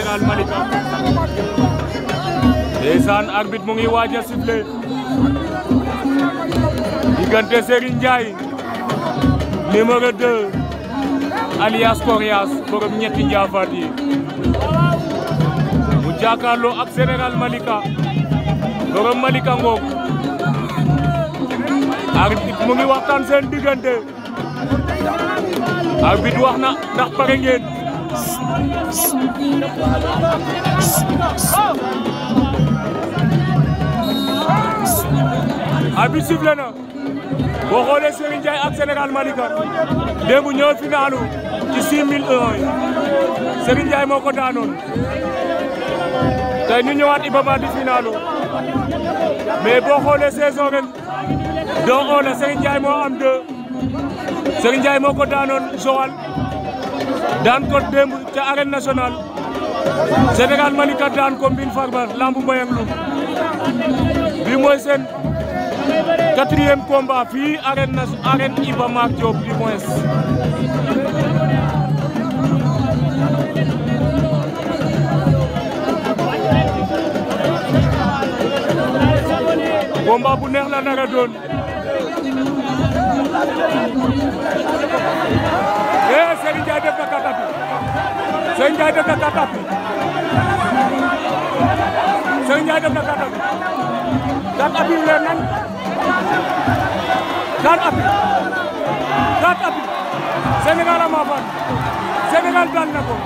Sénégal Malika ndeysaan mu ngi waaj a sifflé diggante Serigne Ndiaye numéro 2 alias Korias borom ñetti njaafaat yi mu jàkkaarloo ak Sénégal Malika borom Malika ngoog arbitre mu ngi waxtaan seen diggante arbitre wax na ndax pare ngeen abi sifflé na boo xoolee Serigne Ndiaye ak Sénégal Malika démb ñoo finalu ci 6000 euros yi Serigne moo ko daanoon tey ñu ñëwaat Iba Mar di finalu mais boo xoolee saison ren doo xoolee Serigne Ndiaye moo am deux Serigne moo ko daanoon Joal Dan ko démb ci arène nationale Général Malika dan ko Mbine Farba lambu mbayang lu bi sen 4e combat fi arène arène Iba Mar job bi moins combat bu neex la nara doon Serigne Ndiaye def na ko